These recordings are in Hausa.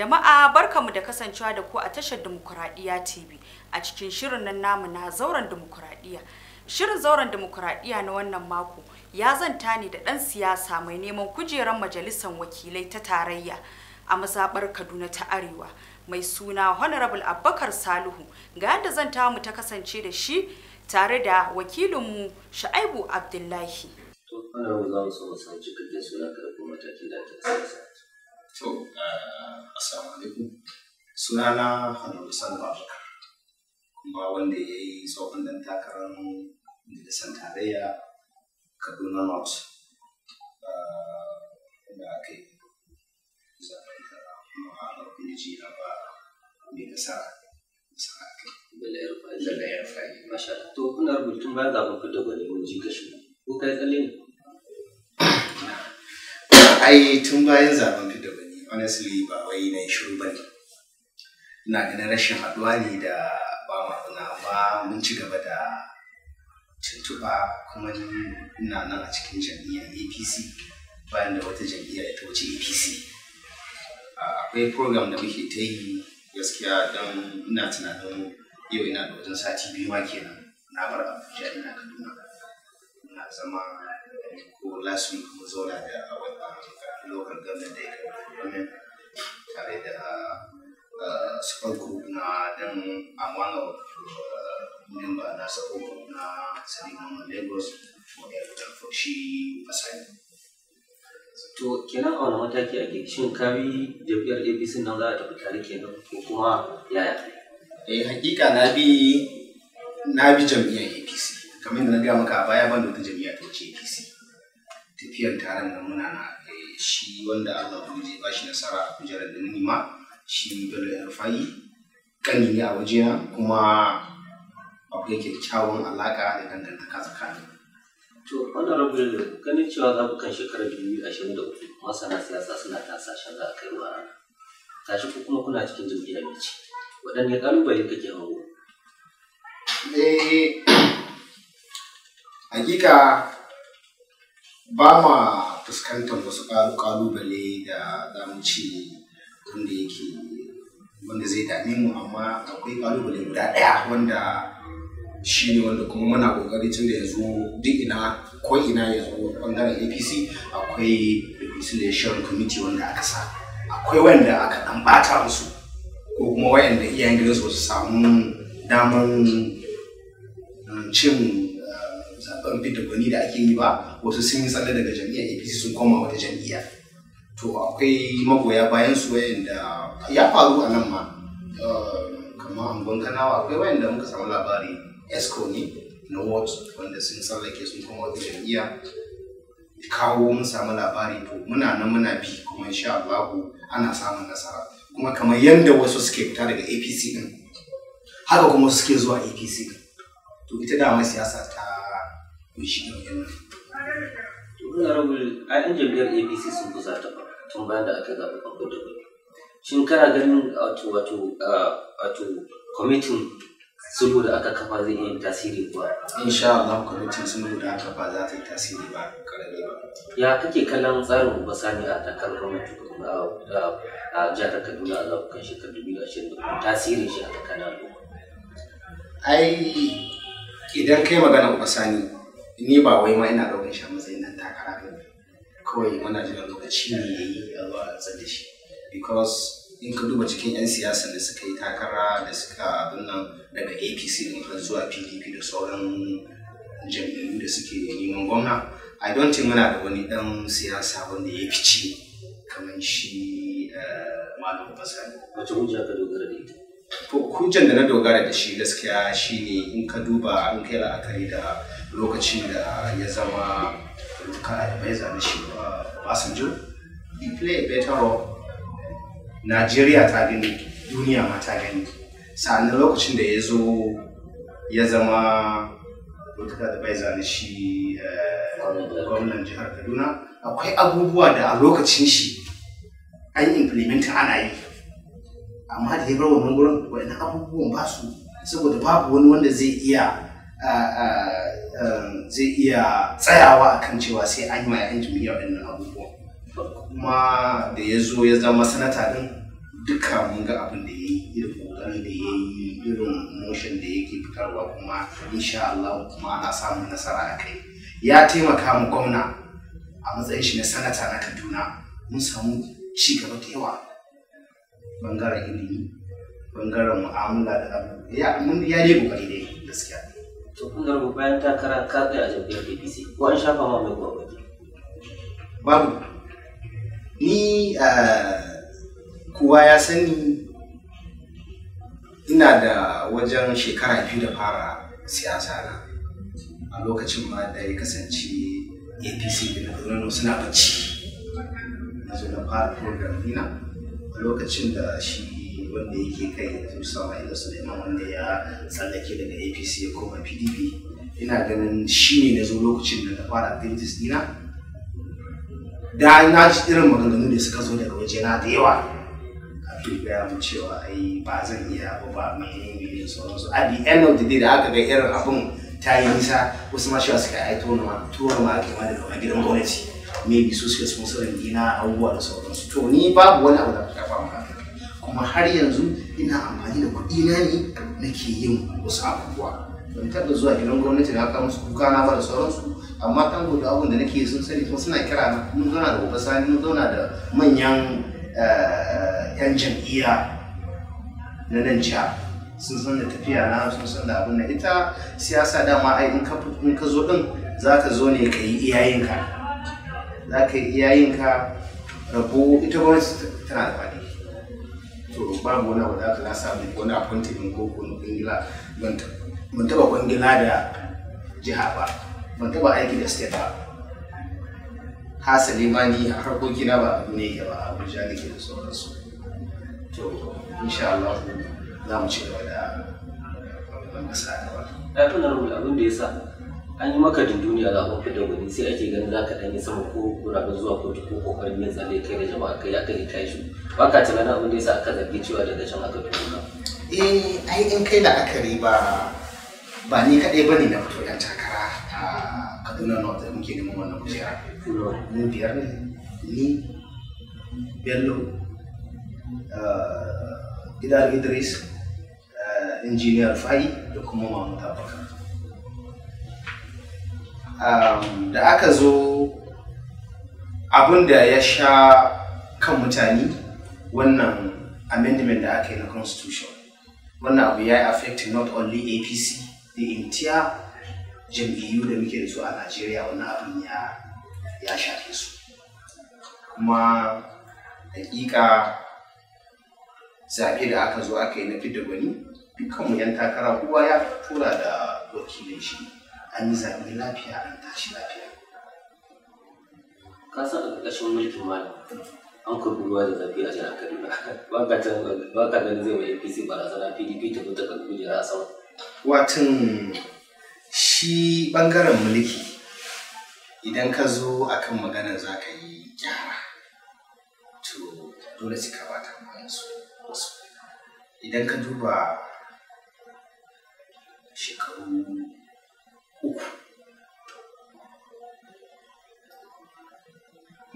Jama'a barkamu da kasancewa da ku a tashar Dimokuraɗiyya TV a cikin shirin nan namu na zauren Dimokuraɗiyya. Shirin zauren Dimokuraɗiyya na wannan mako ya zanta ne da ɗan siyasa mai neman kujerar majalisar wakilai ta tarayya a mazaɓar Kaduna ta Arewa mai suna Honorable Abubakar Salihu ga yadda zanta mu ta kasance da shi tare da wakilinmu Sha'aibu Abdullahi. To, za mu so mu san cikakken suna karɓar matakin da ta siyasa. To, eh, Assalamu alaikum. Sunana Haruna Sanu Abubakar, kuma wanda ya yi tsohon dan takarar majalisar tarayya Kaduna North. Eh, da aka yi zaɓen kara kuma a kuma ji ba ya yi, masha Allah. To, bayan mun ji Ko kai ne? tun bayan honestly ba wai na shiru ba ne ina ganin rashin haɗuwa ne da ba ma'ana ba mun ci gaba da tuntuɓa kuma ina nan a cikin jam'iyyar apc bayan da wata jam'iyyar ta wuce apc akwai program da muke ta yi gaskiya don ina tunanin yau ina da wajen sati biyu ma kenan na bar abuja ina kaduna na zama ko last week mu zauna da wani local government da ya karbi tare da eh, super group na dan amwana eh, memba na support group na sadiman lagos wanda ya fitar for shi asali to kenan a wani mataki ake shin kami jam'iyyar abc nan za a tafi tare kenan ko kuma yaya eh hakika na bi na bi jam'iyyar apc kamar yadda na gaya maka a baya ban da wata jam'iyya ta wuce apc tafiyar taron nan muna na shi wanda Allah ya ba shi nasara a kujerar da nima shi Bello rufayi kani ne a wajena kuma akwai kyakkyawan alaka da dangantaka tsakanin. To, wannan rabin ganin cewa za zaɓukan shekarar 2023 masana siyasa suna tasashen za a kai wa rana. Tashi ko kuma kuna cikin jam'iyyar mai ci. Waɗanne ƙalubale kake hango? Eh, hakika ba ma fuskantar wasu ƙalubale da zamu ci wanda yake wanda zai dame mu amma akwai ƙalubale guda ɗaya wanda shi ne wanda kuma muna ƙoƙari tun da ya zo duk ina ko ina ya zo ɓangaren apc akwai reconciliation committee wanda aka sa akwai wanda aka ɗan ɓata musu ko kuma wayanda iyayen gidansu ba su samu daman um, cin zaben da gwani da ake yi ba wasu sun yi tsalle daga jam'iyyar apc sun koma wata jam'iyya to akwai magoya bayan su wayanda ya faru a nan ma eh, kamar angon kanawa akwai da muka samu labari esco ne na ward wanda sun tsallake sun koma wata jam'iyya kawo mun samu labari to muna nan muna bi kuma insha Allah ana samun nasara kuma kamar yadda wasu suke fita daga APC din haka kuma suke zuwa APC din to ita dama siyasa ta me shi ne magana to jam'iyyar apc sun kusa ta tun bayan da aka zaɓi babban da wani shin kana ganin wato wato wato kwamitin sulhu da aka kafa zai iya tasiri ba insha Allah kwamitin sulhu da aka kafa za ta yi tasiri ba karami ba ya kake kallon tsarin uba sani a takarar gwamnati a jihar Kaduna a zaɓukan shekarar 2020 tasirin shi a tsakanin al'umma ai idan kai magana uba sani ni ba wai ma ina ɗaukar shi a matsayin nan takara ne kawai muna jiran lokaci ne ya yi a zuwa shi because in ka duba cikin 'yan siyasa da suka yi takara da suka abin nan daga apc din zuwa pdp da sauran jam'iyyu da suke neman gwamna i don't think muna da wani dan siyasa wanda ya fice kamar shi eh, malam basari wace hujja ka dogara da ita hujjan da na dogara da shi gaskiya shine in ka duba an kai la'akari da lokacin da ya zama political advisor na shi Obasanjo he play a better role Najeriya ta gani duniya ma ta gani sa'annan lokacin da ya zo ya zama political advisor na shi eh, gwamnan jihar Kaduna akwai abubuwa da a lokacin shi an yi implementa ana yi amma da ya bar wannan gurin wa'annan abubuwan ba su saboda babu wani wanda zai iya ah, ah, Um, zai iya tsayawa kan cewa sai an yi wa 'yan jam'iyyar waɗannan abubuwa kuma da ya zo ya zama sanata din duka mun ga abin da ya yi irin kokarin da ya yi irin motion da yake fitarwa kuma insha Allah kuma ana samun nasara a kai ya taimaka mu gwamna a matsayin shi na sanata na Kaduna mun samu ci gaba da yawa bangaren ilimi bangaren mu'amala da abu ya mun ya dai kokari dai gaskiya to kun garba bayan takara ka tsaya a jam'iyyar apc ko an shafa ma mai gwagwa babu ni a kowa ya sani ina da wajen shekara biyu da fara siyasa na a lokacin ma da ya kasance apc da na suna bacci na zo na fara program dina a lokacin da shi wanda yake kai musa ma'aikar suleiman wanda ya tsallake daga apc ya koma pdp ina ganin shi ne na zo lokacin da na fara activities dina da na ji irin maganganu da suka zo daga waje na da yawa a fi gaya mu cewa ai ba zan iya ba ba mai ne da sauransu a the end of the day da aka ga irin abin ta yi nisa wasu ma shi suka tona ma tuwar ma ake ma daga gidan gwamnati maybe su suka sponsorin dina abubuwa da sauransu to ni babu wani abu da ka fama kuma har yanzu ina amfani da kuɗi na ne nake yin wasu abubuwa ban taɓa zuwa gidan gwamnati da haka musu kuka na ba da sauransu amma kan gudu abun da nake sun sani kuma suna kira na mun zauna da gobe sani mun zauna da manyan eh, yan jam'iyya na nan jiha sun san da tafiya na sun san da abin da ita siyasa dama ai in ka zo din za ka zo ne ka yi iyayenka za ka yi iyayenka rabo ita gwamnati tana da faɗi to babu wani abu da aka lasa mai wani appointed in ko kuma kwangila ban taɓa ƙungila da jiha ba ban taba aiki da state ba hasali ma ni harkoki na ba abu ne ba abuja nake da sauransu to insha Allah za mu ci gaba da wannan kasa ba. Na tuna abin da ya sa an yi maka duniya za a fitar wani sai ake ganin za ka ɗanyi sama ko gurabe zuwa kotu ko kokarin yin zane kai da jama'a kai aka yi kai shi ba ka tunanin abin da ya sa aka zargi cewa daga can aka fito ka. eh ai in kai da aka ba ba ni kaɗai ba ne na fito yan takara a kaduna north da muke neman wannan kujera mu biyar ne ni bello eh, idar idris eh, injiniyar fa'i da kuma mamuta bakar Um, da aka zo abin da ya sha kan mutane wannan amendment da aka yi na constitution wannan abu ya yi affect not only apc the entire jam'iyyu da muke da su a najeriya wannan abin ya ya shafe su kuma hakika zaɓe da aka zo aka yi na fidda gwani dukkanmu 'yan takara kowa ya tura da wakilin shi an yi zaɓi lafiya an tashi lafiya. Ka san a ƙarƙashin mulkin malam an kurbi ruwa da zafi a jihar Kaduna ba ka can ba ka ganin zai wa APC barazana PDP ta mutu kan kuje a sama. Watan shi ɓangaren mulki idan ka zo a kan maganar za ka yi gyara to dole sai ka bata wasu idan ka duba shekaru uku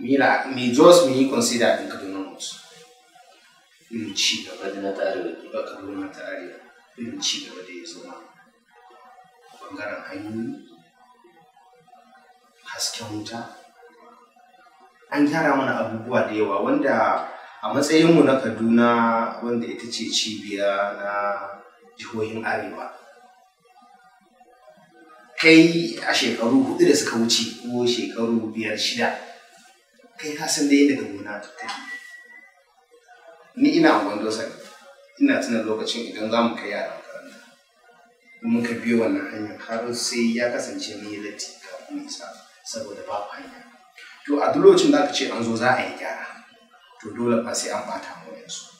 mira mi just mi consider din kaduna north in ci gaba da na arewa ba kaduna ta arewa in ci gaba da ya zama bangaren hanyoyi hasken wuta an gyara mana abubuwa da yawa wanda a matsayinmu na kaduna wanda ita ce cibiya na jihohin arewa kai a shekaru hudu da suka wuce ko shekaru biyar shida kai ka san dai daga gona take ni ina a dosa ina tunan lokacin idan za mu kai yara makaranta mun ka biyo wannan hanyar har sai ya kasance mai yi latti kafin isa saboda babu hanya to a duk lokacin da ce an zo za a yi gyara to dole ba sai an bata mu yanzu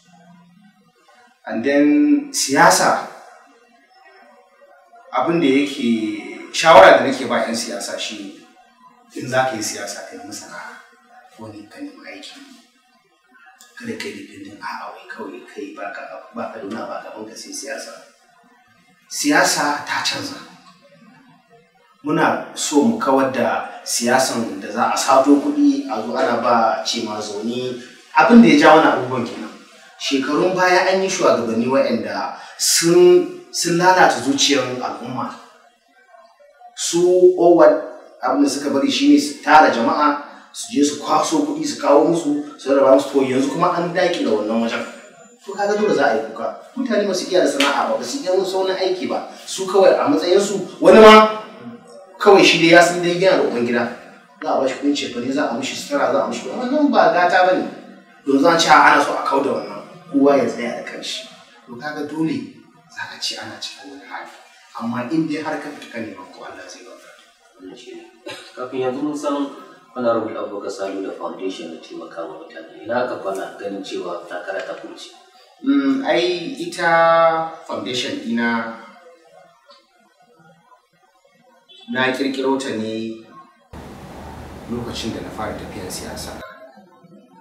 and then siyasa abin da yake shawara da nake ba 'yan siyasa shi in za ka yi siyasa ka yi ko ne ka nemi aiki kada ka yi dindin a'a wai kawai kai ba ba ka nuna sai siyasa siyasa ta canza muna so mu kawar da siyasan da za a sato kuɗi a zo ana ba ce ma zaune abin da ya ja wani abubuwan kenan shekarun baya an yi shugabanni waɗanda sun lalata zuciyar al'umma su owal abin da suka bari shine su tara jama'a su je su kwaso kuɗi su kawo musu su raba musu to yanzu kuma an daki da wannan wajen to kaga dole za a yi kuka mutane masu iya da sana'a ba ba su iya musu wani aiki ba su kawai a su wani ma kawai shi dai ya san dai yana roƙon gida za a bashi kuɗin cefane za a mishi sutura za a mishi kuɗi wannan ba gata ba ne don zan ci ana so a kau da wannan kowa ya tsaya da kanshi to kaga dole za a ci ana cikin wani hali amma in dai har ka fita neman ko Allah zai baka kafin yanzu mun san abu ka samu da foundation da taimaka wa mutane ina ka fana ganin cewa takara ta kurce mm, ai ita foundation dina na kirkiro ta ne lokacin da na fara tafiyar siyasa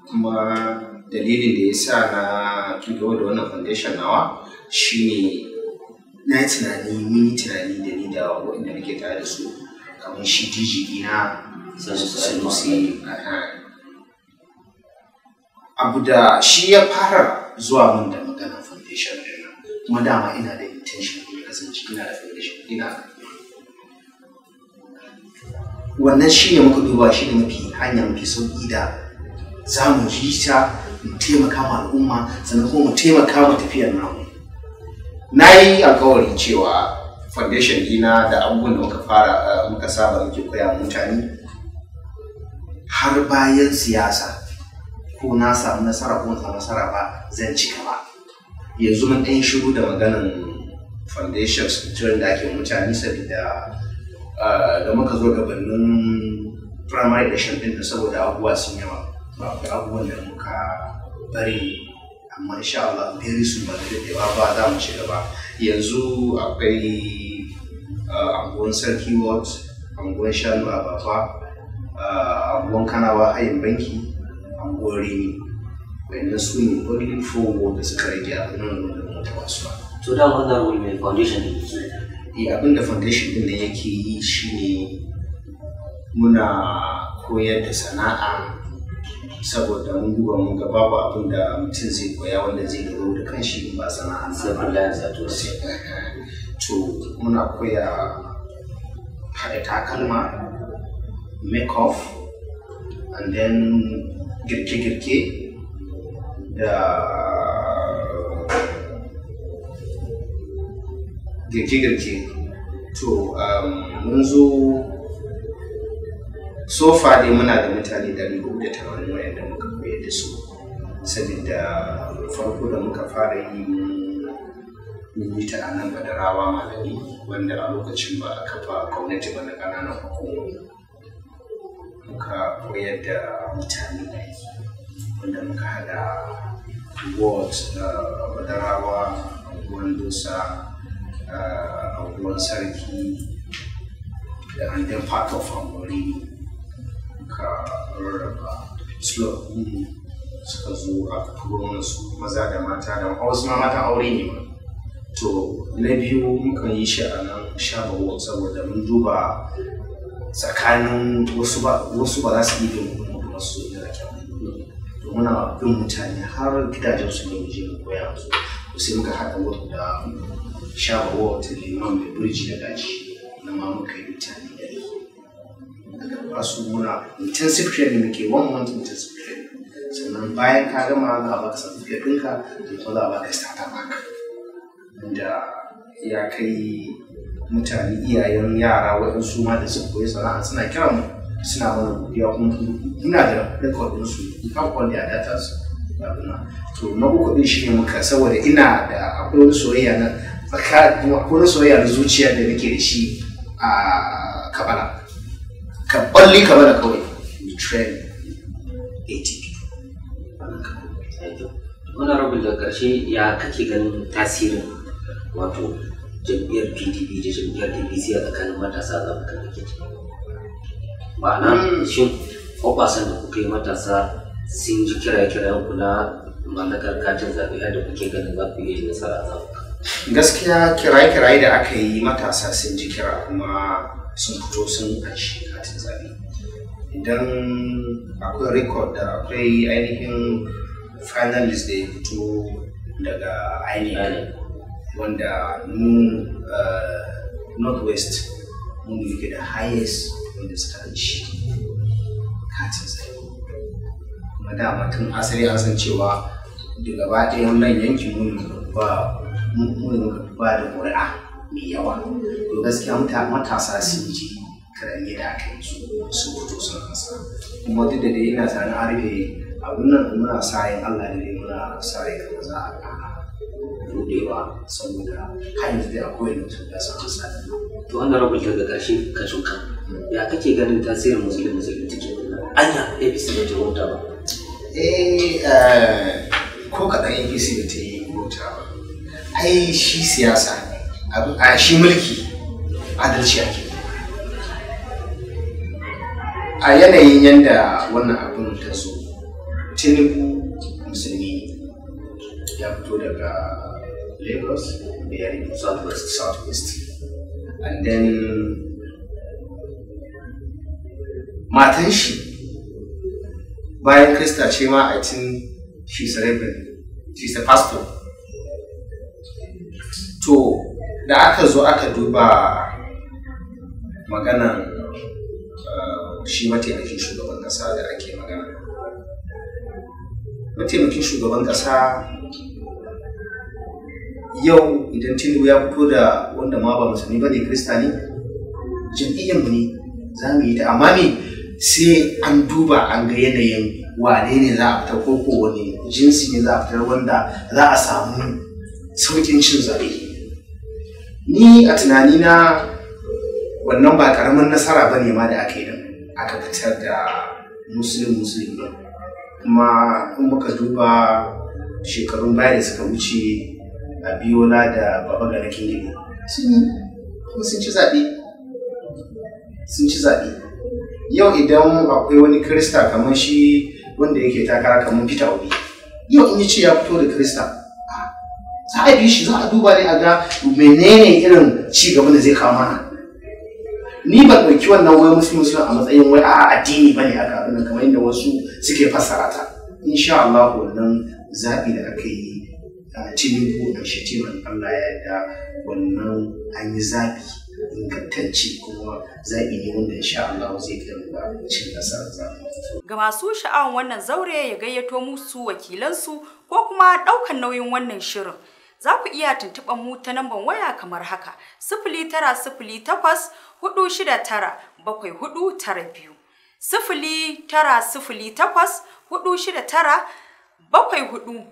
kuma dalilin da ya sa na kirkiro da wannan foundation nawa shine na yi tunani mun yi tunani da ni da waɗanda nake tare da su kamar shi dj dina sanusi abu da shi ya fara zuwa min da magana foundation ɗin kuma dama ina da intention ne kasance ina da foundation ina wannan shi ne muka duba shi ne mafi hanya mafi sauƙi da za mu yi ta mu taimaka ma al'umma sannan kuma mu taimaka ma tafiyar namu na yi alkawarin cewa foundation dina da abubuwan da muka fara eh, muka saba muke koya mutane har bayan siyasa ko na samu nasara ko na nasara ba zan cika ba yanzu mun ɗan shigo da maganan foundation da ake mutane saboda eh, da muka zo gabanin primary edition din saboda abubuwa sun yawa abubuwan da muka bari amma insha Allah very su ba da daɗewa ba da mu ci gaba yanzu akwai ah, anguwan sarki ward anguwan shanu a baba ah, anguwan kanawa hayin banki anguwan rini Wannan su ne only four ward da suka rage a nan da mota kasuwa to da wannan rule mai foundation ne eh abin da foundation din da yake yi shine muna koyar da sana'a saboda mun duba mun ga babu abin da mutum zai koya wanda zai dogaro da kanshi in ba sana'a sai Allah ya zato sai to muna koya haɗa takalma make off and then girke-girke da girke-girke to um, mun zo so far dai muna da mutane ɗari uku da tamanin wayanda muka koyar da su saboda farko da muka fara yi mun yi ta anan badarawa malami wanda a lokacin ba a kafa gwamnati ba na ƙananan hukumomi muka koyar da mutane wanda muka hada wards na badarawa abubuwan dosa abubuwan ah, sarki da an then part of aka rarraba slow suka zo aka turo su maza da mata da wasu ma mata aure ne ma to na biyu muka yi shi a nan shabawa saboda mun duba tsakanin wasu ba za su yi bin mutum wasu da kyau. to muna bin mutane har gidajen su ne waje mu koya musu to sai muka haɗa wata da shabawa ta liman mai burji da daji na ma muka yi mutane asubuna intensive training muke one month intensive training sannan bayan ka gama za a baka certificate ɗinka da kuma za a baka starter pack wanda ya kai mutane iyayen yara waɗansu ma da suka koyi sana'a suna kira mu suna mana godiya kuma Ina da din su ka kwalli a data su to na uku din shi ne muka saboda ina da akwai wani soyayya na baka akwai wani soyayya na zuciya da nake da shi a kabala ka ka mana kawai we train 80 people wani rabin da ƙarshe ya kake ganin tasirin wato jam'iyyar pdp da jam'iyyar dbc a tsakanin matasa zaɓukan da ke ba na shin hoɓasan da kuka yi matasa sun ji kira-kira ku na mallakar katin zaɓe da kuke ganin za ku yi nasara a gaskiya kira kiraye da aka yi matasa sun ji kira kuma sun fito sun anshi katin zaɓe idan akwai record da akwai ainihin finalist da ya fito daga ainihin wanda mu eh, northwest mun yake da highest wanda suka anshi katin zaɓe kuma dama tun asali an san cewa daga gaba ɗaya wannan yankin mun ba da ƙuri'a mai yawa to gaskiya matasa sun ji karami da aka yi su fito su kasa kuma duk da dai ina tsarin arfe abin nan muna sa yin allah ne muna sa yin kuma za a kara rudewa saboda har da akwai ne su da sun sa to an rabu kyau da gashi ka shuka ya kake ganin tasirin musulmi musulmi take anya abc da ta wuta ba eh, eh ko kaɗan abc da ta yi wuta ba ai shi siyasa a shi mulki adalci ake a yanayin yadda wannan abin ta so tinubu musulmi ya fito daga lagos da ya rikon southwest southwest and then matan shi bayan krista ce ma a tin she's a rebel she's a pastor to da aka zo aka duba maganan uh, shi mataimakin shugaban kasa da ake magana mataimakin shugaban kasa yau idan tilu ya fito da wanda ma ba musulmi ba ne krista ne mu ne za mu yi ta amma ne sai an duba an ga yanayin wane ne za a fitar ko ko jinsi ne za a fitar wanda za a samu saukin cin zabe. ni a tunanina wannan ba karamin nasara ba ne ma da aka yi da aka fitar da musulun musulun kuma in muka duba shekarun baya da suka wuce a biyola da baba gana kingibu sun kuma sun ci zaɓe sun ci zaɓe yau idan akwai wani krista kamar shi wanda yake takara kamar peter obi yau in yi ce ya fito da krista za a bi shi za a duba ne a ga menene irin ci gaba da zai kawo mana ni ba ɗauki wannan wai musu a matsayin wai a addini ba ne a kafin kamar yadda wasu suke fassara ta insha Allah wannan zaɓi da aka yi a tinubu a shatiman Allah ya yarda wannan an yi zaɓi ingantacce kuma zaɓi ne wanda insha Allah zai kai mu ba cin nasarar zaɓi. Ga masu sha'awan wannan zaure ya gayyato musu wakilansu ko kuma ɗaukan nauyin wannan shirin. za ku iya tuntuɓar mu ta lambar waya kamar haka sifili tara sifili takwas hudu shida tara bakwai hudu tara biyu sifili tara sifili takwas hudu shida tara bakwai hudu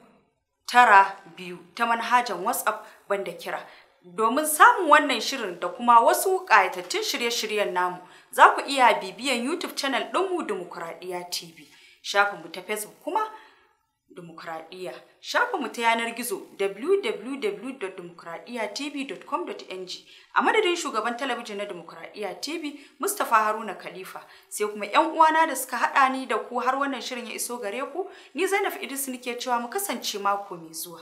tara biyu ta manhajar whatsapp banda kira domin samun wannan shirin da kuma wasu ƙayatattun shirye-shiryen namu za ku iya bibiyan youtube channel ɗinmu dimokuraɗiyya tv shafinmu ta facebook kuma demokradiyya mu ta yanar gizo www.demokradiyyatv.com.ng a madadin shugaban talabijin na demokradiyya tv mustapha haruna khalifa sai kuma yan uwana da suka haɗa ni da ku har wannan shirin ya iso gare ku ni zainab idris nike cewa mu kasance mako mai zuwa